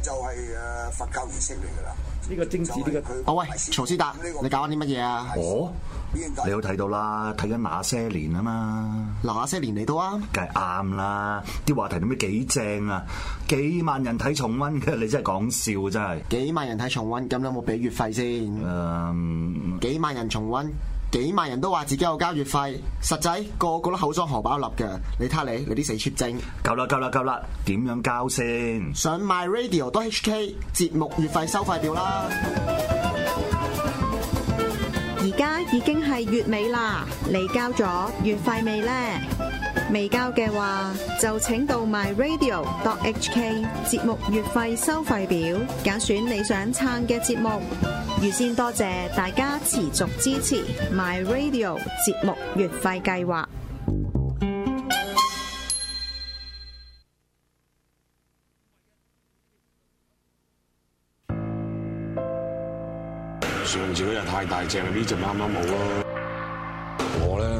就係誒佛教儀式嚟噶啦，呢個精緻呢嘅佢。哦喂，曹師達，這個、你搞緊啲乜嘢啊？哦，你都睇到，到，到啦，睇緊那些年啊嘛？那些年嚟到啊？梗係啱啦，啲話題點解幾正啊？幾萬人睇重溫嘅，你真係講笑真係。幾萬人睇重溫，咁你有冇俾月費先？誒、嗯，幾萬人重溫。幾萬人都話自己有交月費，實際個，個個都口裝荷包粒嘅。你睇下你，你啲死撮精！夠啦，夠啦，夠啦！點樣交先？上 My Radio 都 HK 節目月費收費表啦。而家已經係月尾啦，你交咗月費未呢？未交嘅話，就請到 myradio.hk 節目月費收費表揀選你想撐嘅節目。預先多謝大家持續支持 myradio 節目月費計劃。上次嗰隻太大隻，呢隻啱啱好咯。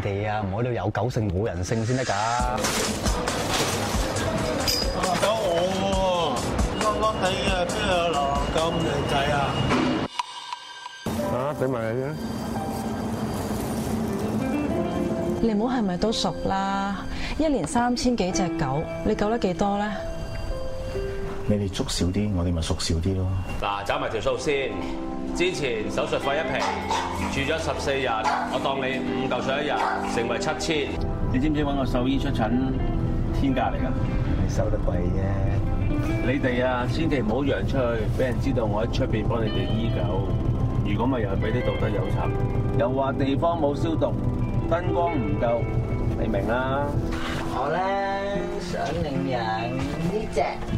你哋啊，唔可以有狗性冇人性先得噶。狗我，憨憨地啊，即係啦，咁靚仔啊。啊，俾埋你啦。你唔好係咪都熟啦？一年三千幾隻狗，你救得幾多咧？你哋捉少啲，我哋咪熟少啲咯。嗱，找埋條數先。之前手術費一平，住咗十四日，我當你五嚿水一日，成為七千。你知唔知揾個獸醫出診？天價嚟㗎，係收得貴啫。你哋啊，千祈唔好揚出去，俾人知道我喺出邊幫你哋醫狗。如果咪又俾啲道德有仇，又話地方冇消毒，燈光唔夠，你明啦。我咧想領養呢隻。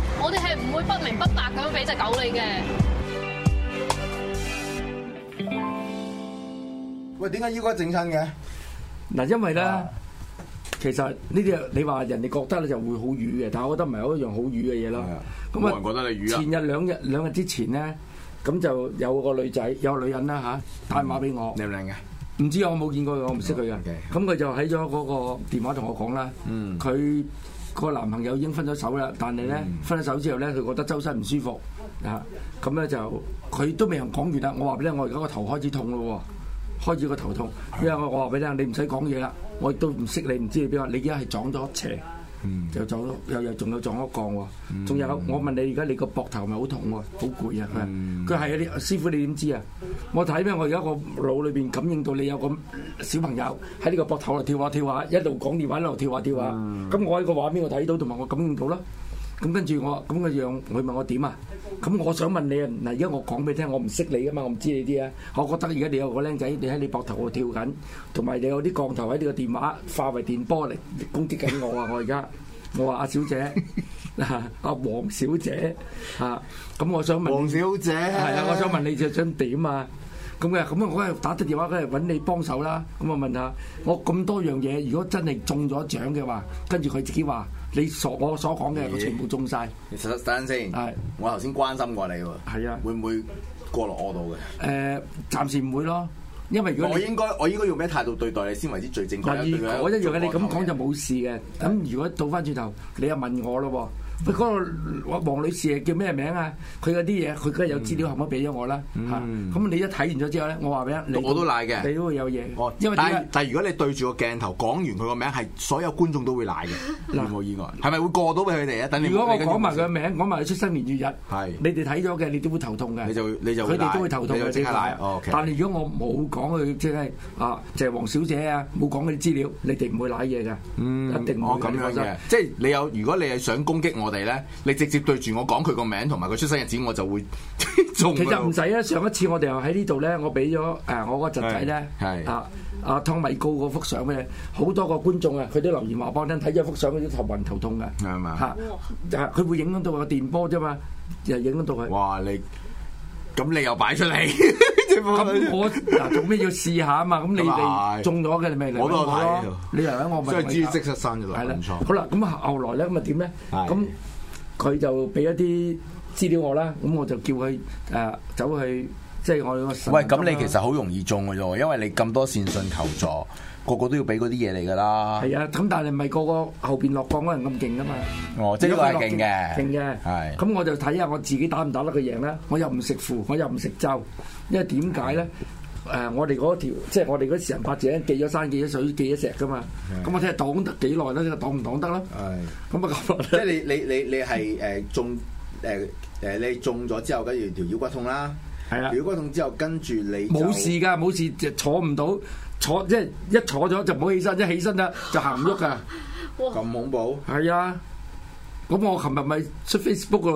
我哋係唔會不明不白咁樣俾隻狗你嘅。喂，點解要該整親嘅？嗱，因為咧，其實呢啲你話人哋覺得你就會好瘀嘅，但係我覺得唔係有一樣好瘀嘅嘢咯。咁啊，前日兩日兩日之前咧，咁就有個女仔，有個女人啦吓，打電話俾我，靚唔靚嘅？唔知我冇見過，我唔識佢嘅。咁佢就喺咗嗰個電話同我講啦，嗯，佢。個男朋友已經分咗手啦，但係咧、嗯、分咗手之後咧，佢覺得周身唔舒服啊，咁咧就佢都未人講完啦。我話俾你聽，我而家個頭開始痛咯，開始個頭痛。的因為我話俾你聽，你唔使講嘢啦，我亦都唔識你，唔知你邊個，你而家係撞咗邪。嗯，又撞，又又仲有撞一降喎，仲有，有，有、嗯、有我問你，而家你個膊頭咪好痛喎，好攰啊，佢係啊、嗯，師傅你點知啊？我睇咩？我而家個腦裏邊感應到你有個小朋友喺呢個膊頭度跳下跳下，一路講電話一路跳下跳下，咁、嗯、我喺個畫面我睇到，同埋我感應到啦。咁跟住我咁嘅樣，佢問我點啊？咁我想問你啊！嗱，而家我講俾你聽，我唔識你噶嘛，我唔知你啲啊。我覺得而家你有個僆仔，你喺你膊頭度跳緊，同埋你有啲降頭喺你個電話，化為電波嚟攻擊緊我啊！我而家我話阿小姐，阿黃小姐啊，咁我想問黃小姐係啊，我想問你你想點啊？咁嘅咁啊，我打啲電話跟住揾你幫手啦。咁啊問下我咁多樣嘢，如果真係中咗獎嘅話，跟住佢自己話。你所我所講嘅，咦全部中晒。你等等先，是我頭先關心過你喎。啊的，會唔會過落我度嘅？誒、呃，暫時唔會咯，因為如果我應該我應該用咩態度對待你先為之最正確？的我一樣嘅，你咁講就冇事嘅。咁如果倒翻轉頭，你又問我咯噃？佢嗰個黃女士係叫咩名啊？佢嗰啲嘢，佢梗係有資料係咪俾咗我啦。咁你一睇完咗之後咧，我話俾你，我都賴嘅，你都會有嘢。但係，但係如果你對住個鏡頭講完佢個名，係所有觀眾都會賴嘅，冇意外。係咪會過到俾佢哋啊？等你如果我講埋佢個名，講埋佢出生年月日，係你哋睇咗嘅，你都會頭痛嘅。你就你就會賴，你就會賴。但係如果我冇講佢，即係啊，就係黃小姐啊，冇講佢啲資料，你哋唔會賴嘢嘅。一定唔會咁樣嘅。即係你有，如果你係想攻擊我。哋咧，你直接對住我講佢個名同埋佢出生日子，我就會做。其實唔使啊，上一次我哋又喺呢度咧，我俾咗誒我個侄仔咧，係啊，阿湯米高嗰幅相咧，好多個觀眾啊，佢都留言話，我幫佢睇咗一幅相，佢頭暈頭痛㗎，係嘛嚇，就係佢會影響到個電波啫嘛，就影響到佢。哇，你咁你又擺出嚟？咁 我嗱、啊、做咩要試下啊嘛？咁你哋中咗嘅，我我你咩嚟攞咯。你嚟啦，我咪即係知識出身嘅啦，唔錯。好啦，咁後來咧咁咪點咧？咁佢就俾的一啲資料我啦，咁我就叫佢誒、呃、走去，即、就、係、是、我個喂。咁你其實好容易中嘅啫，因為你咁多善信求助。個個都要俾嗰啲嘢嚟噶啦，係啊，咁但係唔係個個後邊落降嗰人咁勁噶嘛？哦，呢個係勁嘅，勁嘅，係。咁我就睇下我自己打唔打得佢贏啦。我又唔食符，我又唔食咒，因為點解咧？誒，我哋嗰條即係我哋嗰時人八井寄咗山，寄咗水，寄咗石噶嘛。咁我睇下擋得幾耐啦，呢個擋唔擋得啦？係。咁啊咁，即係你你你你係誒中誒誒你中咗之後跟住條腰骨痛啦，係啊，腰骨痛之後跟住你冇事噶，冇事就坐唔到。坐即係一坐咗就唔好起身，一起身啦就行唔喐噶。咁恐怖？係啊。咁我琴日咪出 Facebook 個，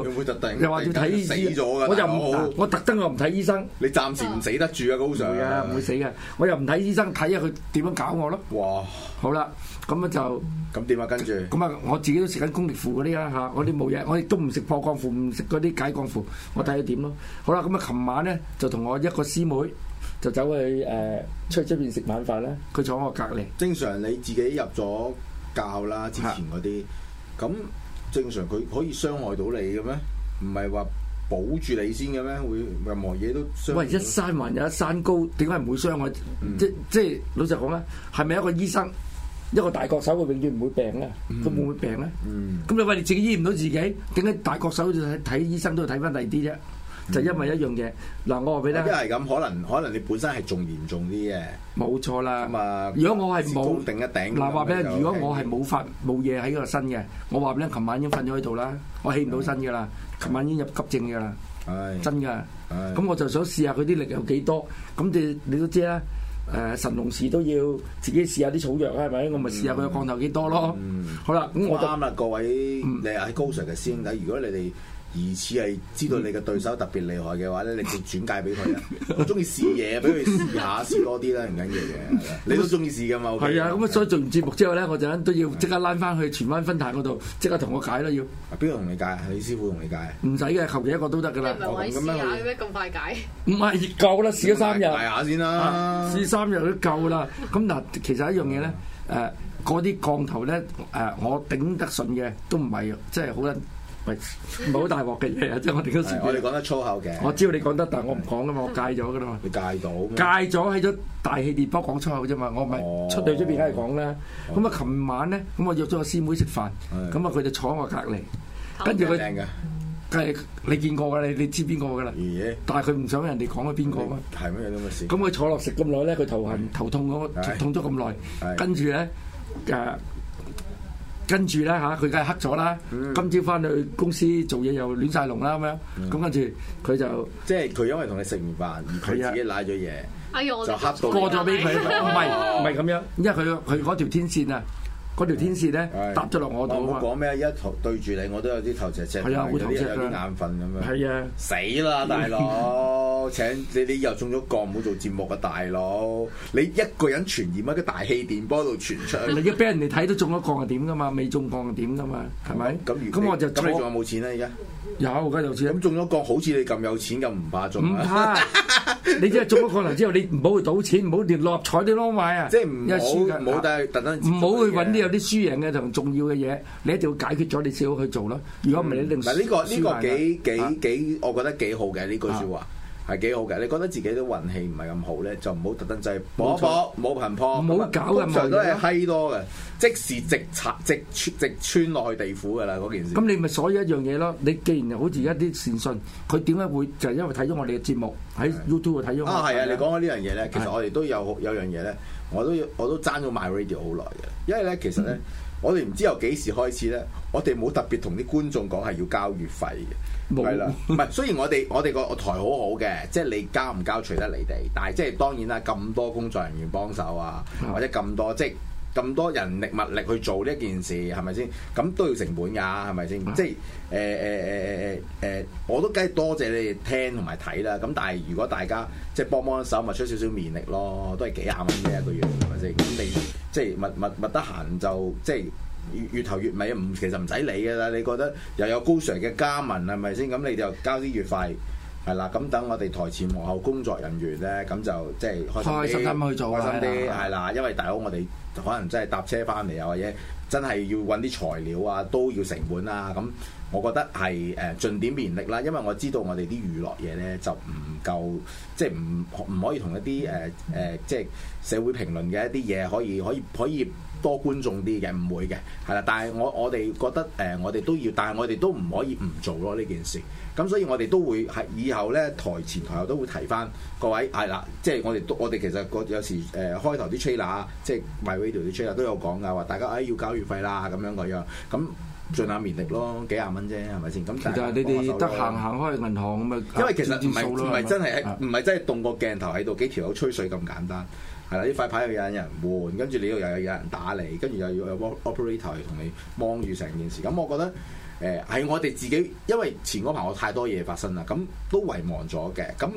又話要睇醫，我又唔，我特登我唔睇醫生。你暫時唔死得住啊，高 Sir。唔會啊，唔會死嘅。我又唔睇醫生，睇下佢點樣搞我咯。哇！好啦，咁啊就咁點啊？跟住咁啊，我自己都食緊功力符嗰啲啦嚇，嗰啲冇嘢，我亦都唔食破降符，唔食嗰啲解降符，我睇下點咯。好啦，咁啊，琴晚咧就同我一個師妹。就走去誒、呃、出去出邊食晚飯咧，佢坐我隔離。正常你自己入咗教啦，之前嗰啲咁正常，佢可以傷害到你嘅咩？唔係話保住你先嘅咩？會任何嘢都傷害。喂，一山還有一山高，點解唔會傷害？嗯、即即老實講啊，係咪一個醫生一個大國手，佢永遠唔會病咧？佢、嗯、會唔會病咧？咁、嗯、你餵你自己醫唔到自己，點解大國手就睇醫生都睇翻第二啲啫？就因為一樣嘢，嗱，我話俾你，因為咁可能可能你本身係仲嚴重啲嘅，冇錯啦。咁啊，如果我係冇定一頂，嗱，話俾你，如果我係冇發冇嘢喺個身嘅，我話俾你，琴晚已經瞓咗喺度啦，我起唔到身㗎啦，琴晚已經入急症㗎啦，真噶。咁我就想試下佢啲力有幾多，咁你你都知啦。誒，神農氏都要自己試下啲草藥啊，係咪？我咪試下佢個降頭幾多咯。好啦，咁我啱啦，各位你係高 Sir 嘅師兄弟，如果你哋。而似係知道你嘅對手特別厲害嘅話咧，你就轉介俾佢咧？我中意試嘢，俾佢試下試多啲啦，唔緊要嘅。你都中意試㗎嘛？OK。係啊，咁啊，所以做完節目之後咧，我就都要即刻拉翻去荃灣分壇嗰度，即刻同我解啦，要。邊個同你解啊？李師傅同你解？唔使嘅，隨便一個都得㗎啦。試下咁快解？唔係夠啦，試咗三日。試三日都夠啦。咁嗱，其實一樣嘢咧，誒，嗰啲降頭咧，誒，我頂得順嘅都唔係即係好得。唔係好大鑊嘅嘢啊！即係我哋嗰時，我哋講得粗口嘅。我知道你講得，但係我唔講噶嘛，我戒咗噶啦嘛。戒到？戒咗喺咗大氣電波講粗口啫嘛，我唔係出到出邊，梗係講啦。咁啊，琴晚咧，咁我約咗個師妹食飯，咁啊佢就坐我隔離，跟住佢，梗係你見過㗎，你你知邊個㗎啦。但係佢唔想人哋講係邊個啊？咁佢坐落食咁耐咧，佢頭痕頭痛痛咗咁耐，跟住咧誒。跟住咧嚇，佢梗係黑咗啦。嗯、今朝翻去公司做嘢又亂晒龍啦咁樣。咁、嗯、跟住佢就、嗯、即係佢因為同你食完飯，佢、啊、自己瀨咗嘢，哎、呦就黑到過咗俾佢。唔係唔係咁樣，因為佢佢嗰條天線啊。嗰條天線咧搭咗落我度我冇講咩，而家頭對住你，我都有啲頭赤赤，有啲眼瞓咁樣。係啊！死啦，大佬！請你你又中咗降，唔好做節目啊，大佬！你一個人傳染喺個大氣電波度傳出去。你一俾人哋睇都中咗降係點噶嘛？未中降係點噶嘛？係咪？咁咁我就咁你仲有冇錢啊？而家？有梗就有錢，咁中咗個好似你咁有錢咁唔怕中。唔怕，你即係中咗個頭之後，你唔好去賭錢，唔好連落彩啲攞埋啊！即係唔好，唔好但係特登唔好去揾啲有啲輸贏嘅同重要嘅嘢，你一定要解決咗，你先好去做咯。如果唔係，你一定輸。呢個呢個幾幾幾，我覺得幾好嘅呢句説話。係幾好嘅。你覺得自己啲運氣唔係咁好咧，就唔好特登，就係冇破冇貧破，通常都係閪多嘅。啊、即時直插直，直，直穿直穿落去地府㗎啦嗰件事。咁你咪所以一樣嘢咯？你既然好似而家啲善信，佢點解會就係、是、因為睇咗我哋嘅節目喺 YouTube 睇咗？啊，係啊！你講緊呢樣嘢咧，其實我哋都有有樣嘢咧，我都要我都爭咗 My Radio 好耐嘅，因為咧其實咧。嗯我哋唔知由幾時開始咧，我哋冇特別同啲觀眾講係要交月費嘅，係啦冇，唔係雖然我哋我哋個台好好嘅，即係你交唔交隨得你哋，但係即係當然啦，咁多工作人員幫手啊，或者咁多即係咁多人力物力去做呢一件事係咪先？咁都要成本㗎係咪先？即係誒誒誒誒誒誒，我都梗係多謝你哋聽同埋睇啦。咁但係如果大家即係幫幫手，咪出少少綿力咯，都係幾廿蚊嘅一個月，係咪先？咁你。即係密密密，得閒就即係月頭月尾唔，其實唔使理㗎啦。你覺得又有高 Sir 嘅加盟係咪先？咁你就交啲月費係啦。咁等我哋台前幕後工作人員咧，咁就即係開心啲，開心咁去做，開心啲係啦。因為大佬我哋可能真係搭車翻嚟啊，或者真係要揾啲材料啊，都要成本啊咁。我覺得係誒盡點勉力啦，因為我知道我哋啲娛樂嘢呢就唔夠，即係唔唔可以同一啲誒誒，即係社會評論嘅一啲嘢可以可以可以多觀眾啲嘅，唔會嘅，係啦。但係我我哋覺得誒、呃，我哋都要，但係我哋都唔可以唔做咯呢件事。咁所以我哋都會係以後咧台前台後都會提翻各位係啦、啊，即係我哋都我哋其實有時誒、呃、開頭啲 trailer 啊，即係 MyRadio 啲 trailer 都有講㗎，話大家誒要交月費啦咁樣個樣，咁盡下綿力咯，幾廿蚊啫係咪先？咁其實你哋得閒行開銀行咁樣，因為其實唔係真係唔係真係動個鏡頭喺度幾條友吹水咁簡單，係啦，呢塊牌又有人換，跟住你又又有有人打你，跟住又要有，有 operator 同你幫住成件事，咁我覺得。誒，係我哋自己，因為前嗰排我太多嘢發生啦，咁都遺忘咗嘅，咁。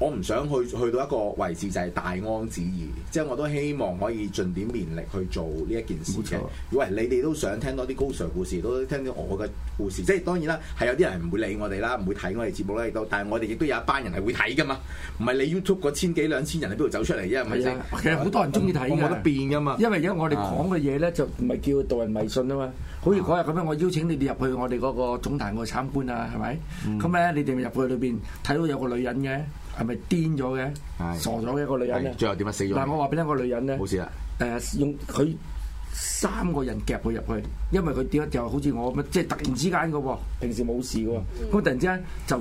我唔想去去到一個位置，就係、係、大安旨意，即係我都希望可以盡點勉力去做呢一件事情。如果錯你哋都想聽多啲高 Sir 故事，都聽啲我嘅故事。即係當然啦，係有啲人唔會理我哋啦，唔會睇我哋節目啦，亦都。但係我哋亦都有一班人係會睇噶嘛。唔係你 YouTube 嗰千幾兩千人喺邊度走出嚟？一唔咪先。是其實好多人中意睇我得變噶嘛。因為而家我哋講嘅嘢咧，就唔係叫導人迷信啊嘛。啊好似嗰日咁樣，我邀請你哋入去我哋嗰個總壇去、嗰個、參觀啊，係咪？咁咧、嗯，你哋入去裏邊睇到有個女人嘅。係咪癲咗嘅？係係係傻咗嘅一個女人咧，最後點樣死咗？嗱，我話俾你聽，個女人咧冇事啦。誒、呃，用佢三個人夾佢入去，因為佢點樣就好似我咁，即係突然之間嘅喎。平時冇事㗎喎，咁我突然之間就。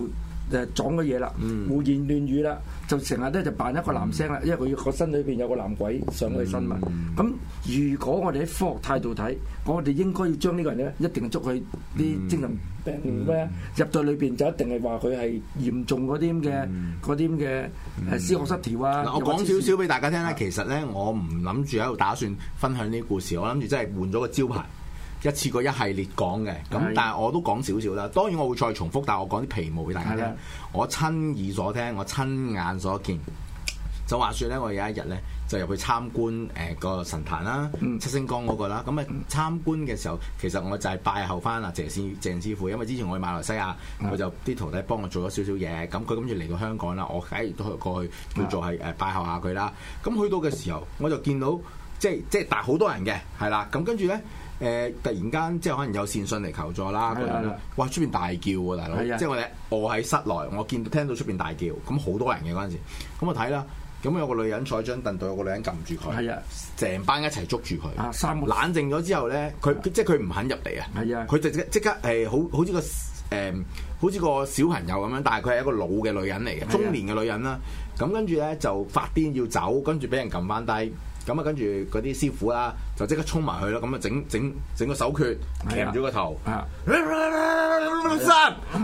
就撞咗嘢啦，胡言亂語啦，就成日咧就扮一個男聲啦，因為佢個身裏邊有個男鬼上去身嘛。咁、嗯、如果我哋喺科學態度睇，我哋應該要將呢個人咧，一定捉去啲精神病院入到裏邊，就一定係話佢係嚴重嗰啲嘅啲嘅誒思覺失調啊。嗱、嗯，嗯、我講少少俾大家聽啦、啊，其實咧我唔諗住喺度打算分享呢啲故事，我諗住真係換咗個招牌。一次過一系列講嘅咁，但係我都講少少啦。當然我會再重複，但係我講啲皮毛俾大家聽。的我親耳所聽，我親眼所見。就話説咧，我有一日咧就入去參觀誒個神壇啦，嗯、七星光嗰、那個啦。咁啊參觀嘅時候，其實我就係拜候翻阿謝師謝,謝師傅，因為之前我去馬來西亞，我、嗯、就啲徒弟幫我做咗少少嘢。咁佢跟住嚟到香港啦，我誒都可過去叫做係誒拜候下佢啦。咁去到嘅時候，我就見到即即係大好多人嘅係啦。咁跟住咧。誒，突然間即係可能有線訊嚟求助啦。係啊！哇，出邊大叫喎，大佬！即係我哋卧喺室內，我見到聽到出邊大叫，咁好多人嘅嗰陣時，咁我睇啦。咁有個女人坐喺張凳度，有個女人撳住佢。係啊！成班一齊捉住佢。冷靜咗之後咧，佢即係佢唔肯入嚟啊。係啊！佢就即刻係好好似個誒，好似個小朋友咁樣，但係佢係一個老嘅女人嚟嘅，中年嘅女人啦。咁跟住咧就發癲要走，跟住俾人撳翻低。咁啊，跟住嗰啲師傅啦，就即刻衝埋去啦。咁啊，整整整個手缺，決，夾住個頭。啊！生，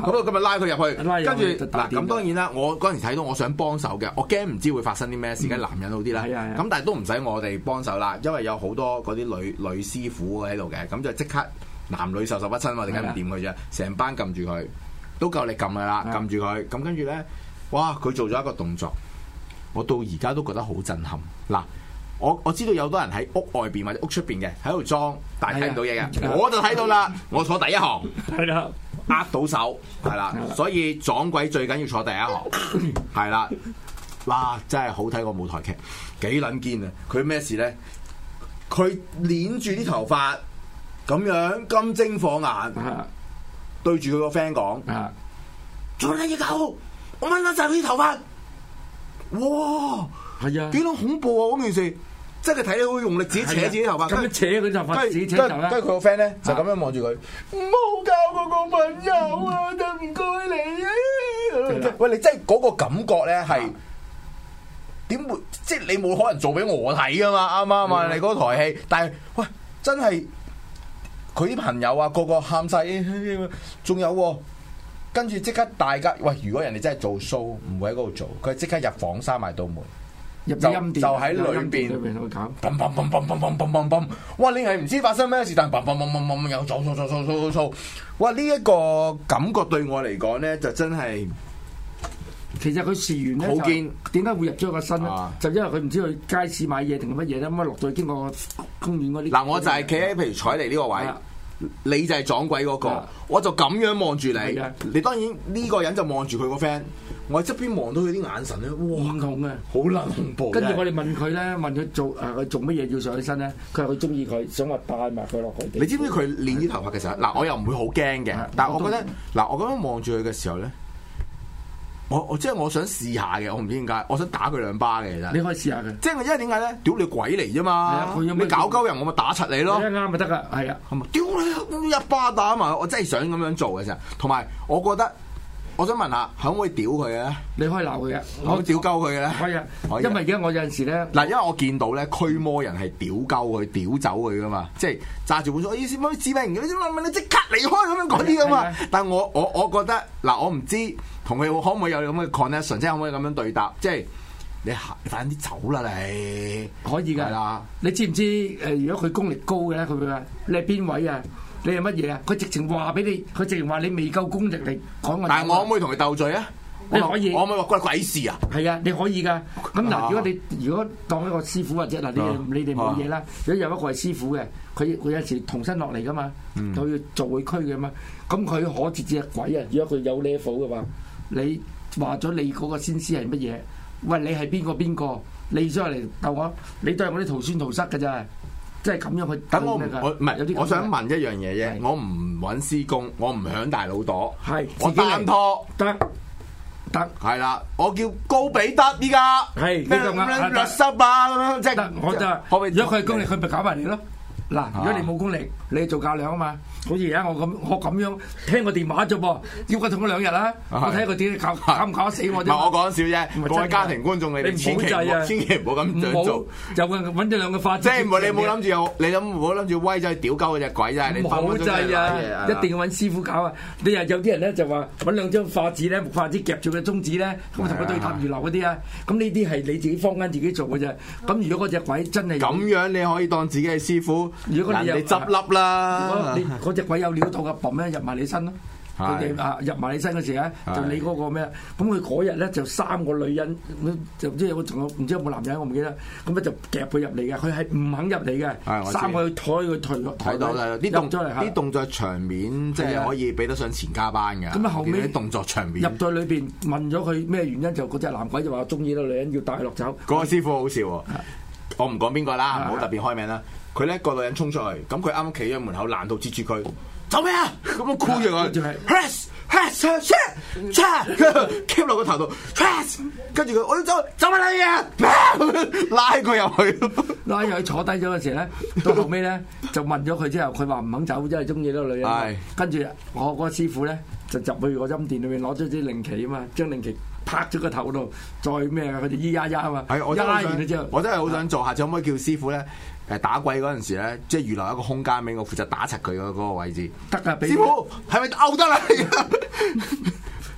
咁啊，今日拉佢入去，跟住嗱，咁當然啦，我嗰陣時睇到，我想幫手嘅，我驚唔知會發生啲咩事，梗係男人好啲啦。咁但係都唔使我哋幫手啦，因為有好多嗰啲女女師傅喺度嘅，咁就即刻男女授受不親嘛，我哋梗係唔掂佢啫，成班撳住佢，都夠力撳噶啦，撳住佢。咁跟住咧，哇！佢做咗一個動作，我到而家都覺得好震撼嗱。我我知道有多人喺屋外邊或者屋出邊嘅喺度裝，但睇唔到嘢嘅。我就睇到啦，我坐第一行，係啦，握到手，係啦，所以撞鬼最緊要坐第一行，係啦。哇，真係好睇過舞台劇，幾撚堅啊！佢咩事咧？佢捻住啲頭髮咁樣金睛火眼， 對住佢個 friend 講：， 做乜嘢狗？我掹甩曬啲頭髮。哇！係啊，幾撚恐怖啊！嗰件事。即係佢睇到用力，自己扯自己頭髮，咁樣扯佢頭髮。跟住佢個 friend 咧，呢啊、就咁樣望住佢，好交過個朋友啊，真唔該你啊！的喂，你真係嗰個感覺咧，係點、啊、會？即係你冇可能做俾我睇噶嘛？啱唔啱啊？你嗰台戲，但係喂，真係佢啲朋友啊，個個喊晒，仲、哎、有、啊、跟住即刻大家，喂，如果人哋真係做 show，唔會喺嗰度做，佢即刻入房閂埋道門。入咗音就就喺裏邊，砰砰砰砰砰砰砰砰砰！哇！你係唔知發生咩事，但係砰砰砰砰砰砰又嘈嘈嘈嘈嘈嘈！哇！呢一個感覺對我嚟講咧，就真係其實佢事完咧，點解會入咗個身咧？就因為佢唔知去街市買嘢定係乜嘢咧，咁啊落咗去經過公園嗰啲。嗱，我就係企喺譬如彩嚟呢個位。 你就係撞鬼嗰個，的我就咁樣望住你。的你當然呢個人就望住佢個 friend，我喺側邊望到佢啲眼神咧，哇！好冷酷。跟住我哋問佢咧，的問佢做誒佢做乜嘢要上起身咧？佢話好中意佢，想話帶埋佢落去。你知唔知佢染啲頭髮嘅時候？嗱的，我又唔會好驚嘅，的但係我覺得嗱，的我咁樣望住佢嘅時候咧。我即係我想試下嘅，我唔知點解，我想打佢兩巴嘅其實。你可以試下嘅，即係因為點解咧？屌你鬼嚟啫嘛！你，啊、你搞鳩人，我咪打柒你咯。啱咪得噶，係啊，咁、就是、啊，屌你一巴打埋，我真係想咁樣做嘅啫。同埋我覺得，我想問下，可唔可以屌佢啊？你可以鬧佢嘅，我可唔可以屌鳩佢嘅。可以啊，因為而家我有陣時咧，嗱，因為我見到咧驅魔人係屌鳩佢、屌他走佢噶嘛，即係揸住本書，我意思乜？示威人，你做乜問你即刻離開咁樣講啲噶嘛？啊啊、但我我我覺得嗱，我唔知。同佢可唔可以有咁嘅 connection，即係可唔可以咁樣對答？即係你行，快啲走啦！你可以㗎啦。吧你知唔知？誒，如果佢功力高嘅咧，佢會話：你係邊位啊？你係乜嘢啊？佢直情話俾你，佢直情話你未夠功力嚟講我。但係我可唔可以同佢鬥嘴啊？你可以。我唔可以話關鬼事啊！係啊，你可以㗎。咁嗱，如果你、啊、如果當一個師傅或者嗱，你你哋冇嘢啦。如果有一個係師傅嘅，佢佢有時童身落嚟㗎嘛，佢要做會區嘅嘛。咁佢可接隻鬼啊！如果佢有 level 嘅話。你話咗你嗰個先師係乜嘢？喂，你係邊個邊個？你想嚟鬥我？你都係我啲徒孫徒侄嘅啫，即係咁樣。去等我唔，我唔係。我想問一樣嘢啫。我唔揾師公，我唔響大佬度，我單拖得得。係啦，我叫高比德依家。你咩咁樣劣質啊？即係我就如果佢係功力，佢咪搞埋你咯？嗱，如果你冇功力，你做教練啊嘛？好似而家我咁我咁樣聽個電話啫噃，腰骨痛咗兩日啦。我睇佢點搞搞唔搞死我啫？唔係我講笑啫，我係家庭觀眾嚟。你千祈啊，千祈唔好咁做。有揾揾咗兩個化紙，即係唔係你唔好諗住有，你諗唔好諗住威真係屌鳩嗰隻鬼真係。冇制啊！一定要揾師傅搞啊！你又有啲人咧就話揾兩張化紙咧，木化紙夾住個中指咧，咁同佢對答如流嗰啲啊。咁呢啲係你自己坊間自己做嘅啫。咁如果嗰隻鬼真係咁樣，你可以當自己係師傅。如果嗰啲人你執笠啦。嗰隻鬼有料到噶，嘭咩入埋你身咯！佢哋啊入埋你身嗰時咧，是就你嗰個咩？咁佢嗰日咧就三個女人，就唔知有冇從唔知有冇男人，我唔記得。咁咧就夾佢入嚟嘅，佢係唔肯入嚟嘅。三個抬佢退落台底，有啲來動作場面，即係的可以比得上前加班嘅。咁啊面，後尾動作場面入到裏邊，問咗佢咩原因，就嗰隻男鬼就話中意個女人要帶佢落走。嗰個師傅好笑喎、哦！我唔講邊個啦，唔好特別開名啦。佢咧個女人衝出去，咁佢啱啱企喺門口攔到截住佢走咩啊？咁我箍住佢，press press shot shot，跟住 kick 落個頭度，press，跟住佢我要走走埋你啊！拉佢入去，拉入坐低咗嘅時候咧，到後尾咧就問咗佢之後，佢話唔肯走，真係中意呢個女人。跟住我嗰個師傅咧就入去個音殿裏面攞咗支令旗啊嘛，將令旗。拍咗個頭度，再咩啊？佢就咿呀呀嘛，我一拉完之後，我真係好想做，下次可唔可以叫師傅咧？誒打鬼嗰陣時咧，即係預留一個空間俾我，我負責打柒佢嗰個位置。得噶、啊，師傅係咪拗得嚟？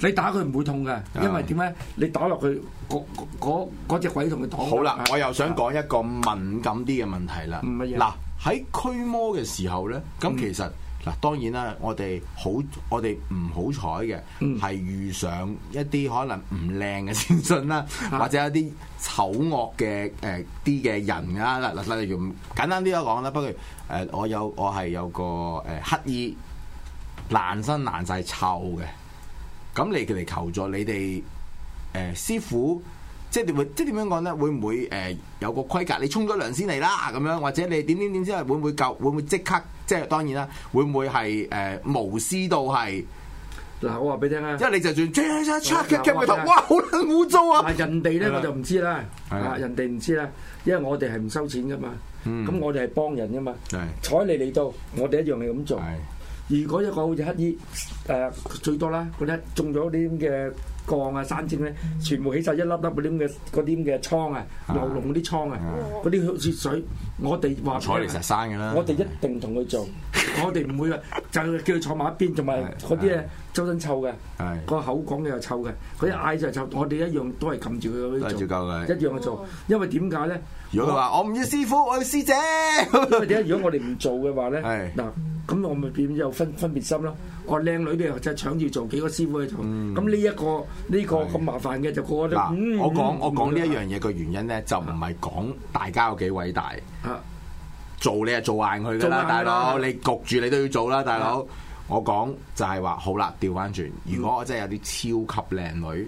你打佢唔會痛噶，因為點咧？你打落去嗰嗰隻鬼同佢打。好啦，我又想講一個敏感啲嘅問題啦。嗱、嗯，喺、嗯、驅魔嘅時候咧，咁其實。嗱，當然啦，我哋好我哋唔好彩嘅，係、嗯、遇上一啲可能唔靚嘅先生啦，或者一啲醜惡嘅誒啲嘅人啊，嗱，例如簡單啲一講啦，不過誒、呃、我有我係有個誒、呃、乞衣爛身爛晒臭嘅，咁你哋嚟求助你哋誒、呃、師傅。即係會，即係點樣講咧？會唔會誒有個規格？你衝咗涼先嚟啦，咁樣或者你點點點之後會唔會夠？會唔會即刻？即係當然啦。會唔會係誒無私到係？嗱，我話俾你聽啊，因為你就算 check check check check 佢頭，哇，好污糟啊！人哋咧我就唔知啦，啊，人哋唔知啦，因為我哋係唔收錢噶嘛，咁我哋係幫人噶嘛，採你嚟到，我哋一樣係咁做。如果一個好似乞衣，誒最多啦，嗰啲種咗啲咁嘅鋼啊、山精咧，全部起曬一粒粒嗰啲咁嘅嗰啲咁嘅倉啊、流龍嗰啲倉啊，嗰啲血血水，我哋話坐嚟實山嘅啦，我哋一定同佢做，我哋唔會啊，就叫佢坐埋一邊，同埋嗰啲咧周身臭嘅，個口講嘅又臭嘅，佢一嗌就係臭，我哋一樣都係冚住佢嗰啲，冚住夠嘅，一樣去做，因為點解咧？如果佢話我唔要師傅，我要師姐，點解？如果我哋唔做嘅話咧？嗱。咁我咪變咗有分分別心咯。個靚女啲又即係搶住做幾個師傅去做，咁呢一個呢個咁麻煩嘅就個個都我講，我講呢一樣嘢嘅原因咧，就唔係講大家有幾偉大。做你係做硬佢噶啦，大佬，你焗住你都要做啦，大佬。我講就係話好啦，調翻轉。如果我真係有啲超級靚女，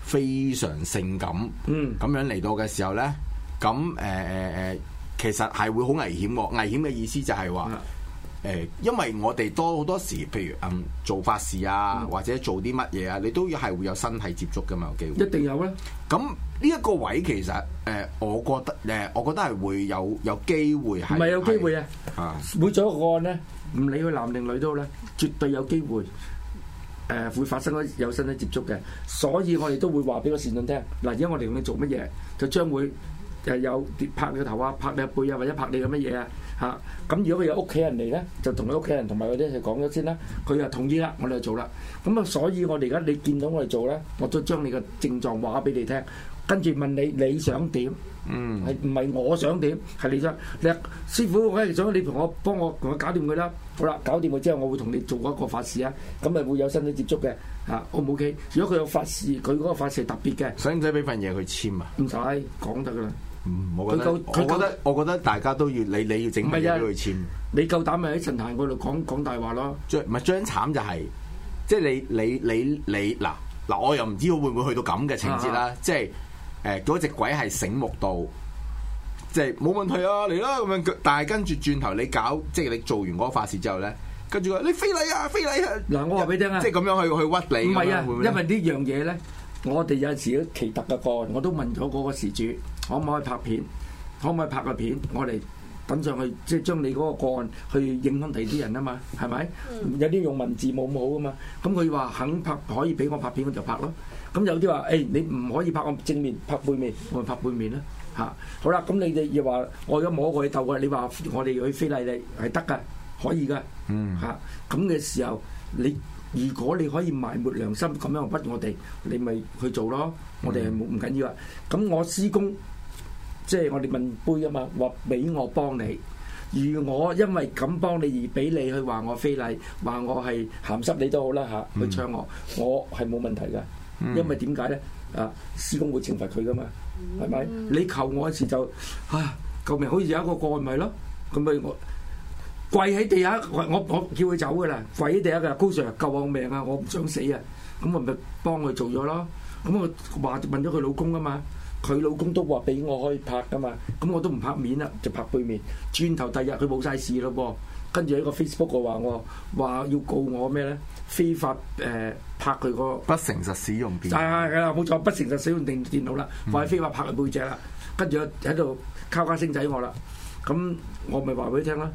非常性感，嗯，咁樣嚟到嘅時候咧，咁誒誒誒，其實係會好危險。危險嘅意思就係話。誒，因為我哋多好多時，譬如誒做法事啊，或者做啲乜嘢啊，你都係會有身體接觸㗎嘛，有機會。一定有啦。咁呢一個位其實誒，我覺得誒，我覺得係會有有機會係。唔係有機會啊！啊，每做一個案咧，唔理佢男定女都好咧，絕對有機會誒，會發生有身體接觸嘅。所以我哋都會話俾個善信聽。嗱，而家我哋要你做乜嘢，就將會誒有拍你個頭啊，拍你個背啊，或者拍你個乜嘢啊。嚇！咁如果佢有屋企人嚟咧，就同佢屋企人同埋嗰啲一齊講咗先啦。佢又同意啦，我哋就做啦。咁啊，所以我哋而家你見到我哋做咧，我都將你個症狀話俾你聽，跟住問你你想點？嗯，係唔係我想點？係你想你師傅，我係想你同我幫我同我搞掂佢啦。好啦，搞掂佢之後，我會同你做一個法事啊。咁咪會有身體接觸嘅嚇？O 唔 OK？如果佢有法事，佢嗰個法事係特別嘅，使唔使俾份嘢佢簽啊？唔使，講得噶啦。嗯，我覺，覺得，我覺得大家都要你，你要整命俾佢簽。你夠膽咪喺神壇嗰度講講大話咯？唔係將慘就係，即係你你你你嗱嗱，我又唔知會唔會去到咁嘅情節啦。即係誒，嗰隻鬼係醒目到，即係冇問題啊，嚟啦咁樣。但係跟住轉頭你搞，即係你做完嗰個法事之後咧，跟住話你非禮啊，非禮啊！嗱，我話俾你聽啊，即係咁樣去去屈你。唔係啊，因為呢樣嘢咧，我哋有陣時奇特嘅個案，我都問咗嗰個事主。可唔可以拍片？可唔可以拍個片？我嚟等上去，即係將你嗰個個案去影響第啲人啊嘛，係咪？ 有啲用文字冇咁好啊嘛。咁佢話肯拍可以俾我拍片，我就拍咯。咁有啲話誒，你唔可以拍我正面，拍背面，我咪拍背面啦。嚇，好啦，咁你哋又話我而家摸我嚟鬥嘅，你話我哋去非禮你係得噶，可以噶。嚇，咁嘅時候，你如果你可以埋沒良心咁樣屈我哋，你咪去做咯。我哋係冇唔緊要啊。咁我施工。即係我哋問杯啊嘛，話俾我幫你，而我因為咁幫你而俾你去話我非禮，話我係鹹濕，你都好啦嚇，去唱我，我係冇問題噶，因為點解咧？啊，師公會懲罰佢噶嘛，係咪？你求我一次就啊，救命！好似有一個過咪咯，咁咪我跪喺地下，我我叫佢走噶啦，跪喺地下噶，高 Sir，救我命啊！我唔想死啊！咁我咪幫佢做咗咯，咁我話問咗佢老公啊嘛。佢老公都話俾我可以拍噶嘛，咁、嗯、我都唔拍面啦，就拍背面。轉頭第日佢冇晒事咯噃，跟住喺個 Facebook 個話我話要告我咩咧？非法誒、呃、拍佢個不誠實使用電係係啦，冇、啊、錯，不誠實使用電電腦啦，快非法拍佢背脊啦，跟住喺度敲家聲仔我啦。咁、嗯、我咪話俾你聽啦，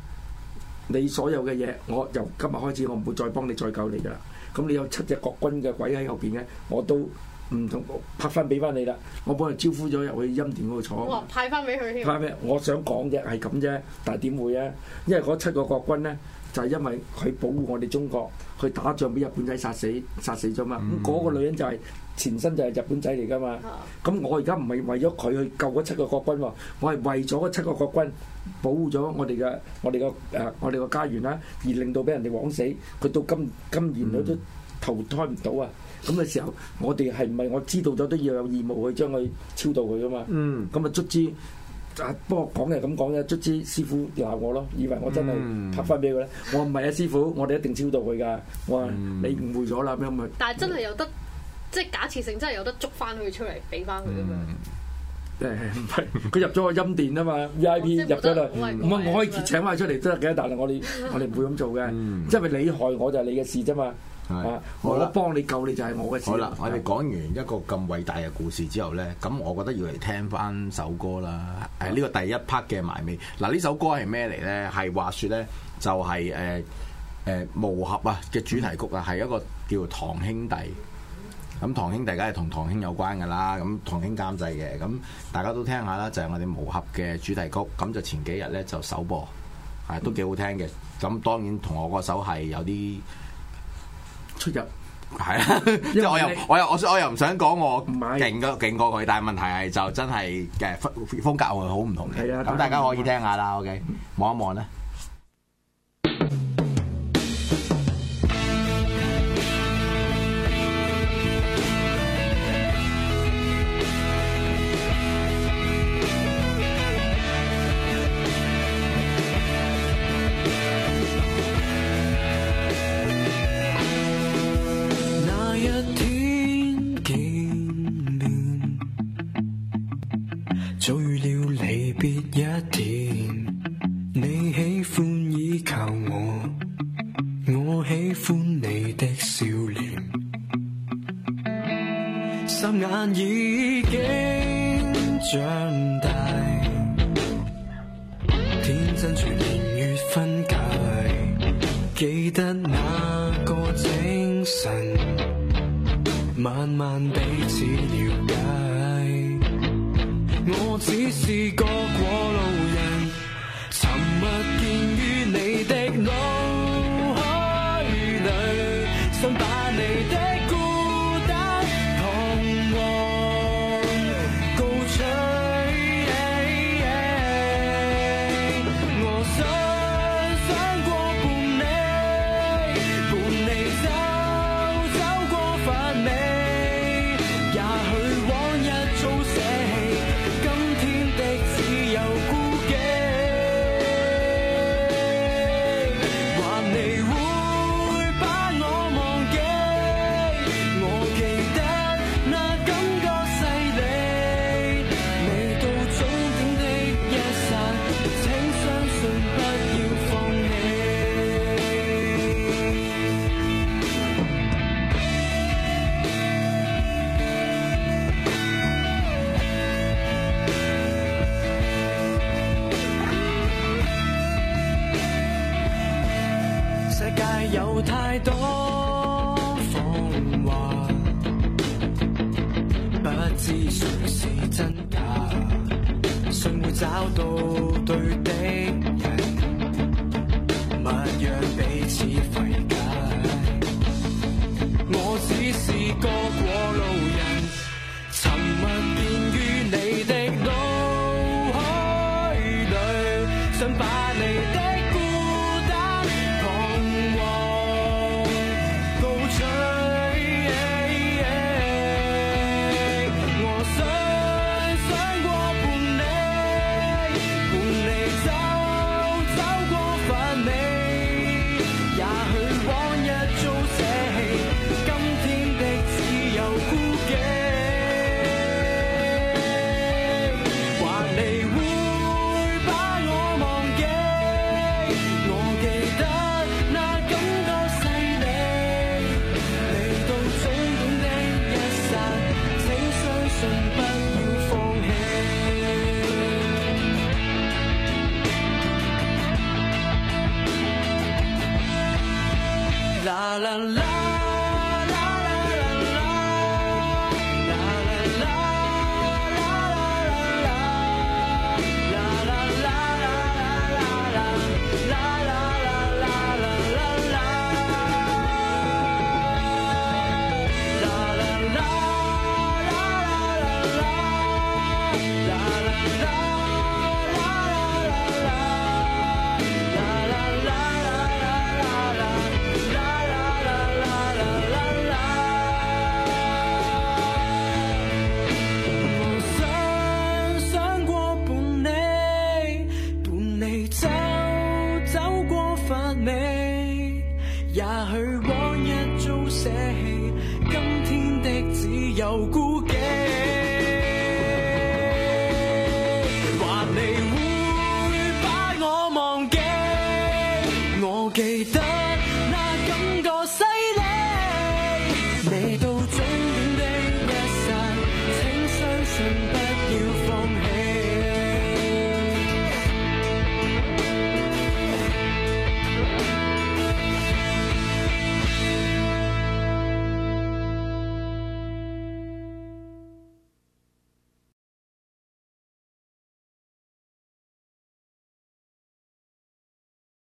你所有嘅嘢，我由今日開始我唔會再幫你再救你噶啦。咁、嗯、你有七隻國軍嘅鬼喺後邊嘅，我都。唔同拍翻俾翻你啦，我幫佢招呼咗入去陰殿嗰度坐。我話派翻俾佢派咩？我想講啫，係咁啫。但係點會啊？因為嗰七個國軍咧，就係、是、因為佢保護我哋中國，佢打仗俾日本仔殺死，殺死咗嘛。咁嗰、嗯、個女人就係、是、前身就係日本仔嚟噶嘛。咁、嗯、我而家唔係為咗佢去救嗰七個國軍喎，我係為咗嗰七個國軍保護咗我哋嘅我哋嘅誒我哋嘅、啊、家園啦、啊，而令到俾人哋枉死。佢到今今年佢都投胎唔到啊！嗯咁嘅時候，我哋係唔係我知道咗都要有義務去將佢超度佢啊嘛？They, 嗯。咁啊，卒之啊，不過講嘅係咁講嘅，卒之師傅鬧我咯，以為我真係拍翻俾佢咧。嗯、我唔係啊，師傅，我哋一定超度佢噶。我話你誤會咗啦，咁啊。但係真係有得，即係假設性真係有得捉翻佢出嚟俾翻佢啊嘛。誒唔係，佢入咗個陰殿啊嘛，VIP 入咗啦。唔係，我可以請翻出嚟得嘅，但係我哋我哋唔會咁做嘅，即係你害我就係你嘅事啫嘛。ihrem hn email 係，我幫你救你就係冇嘅事。好啦，我哋講完一個咁偉大嘅故事之後咧，咁我覺得要嚟聽翻首歌啦。誒的，呢個、啊、第一 part 嘅埋尾。嗱、啊，呢首歌係咩嚟咧？係話説咧、就是，就係誒誒無俠啊嘅主題曲啊，係、嗯、一個叫《堂兄弟》嗯。咁《堂兄弟》梗係同唐兄有關㗎啦，咁、嗯、唐兄監製嘅，咁、嗯、大家都聽下啦，就係、是、我哋無俠嘅主題曲。咁就前幾日咧就首播，係、嗯、都幾好聽嘅。咁當然，同我個手係有啲。出入係啦， 因為你 我又我又我我又唔想講我勁是過勁過佢，但係問題係就真係嘅風格會好唔同嘅，咁的大家可以聽下啦，OK，望一望咧。 有太多謊話，不知誰是真假，誰會找到對的人，勿讓彼此。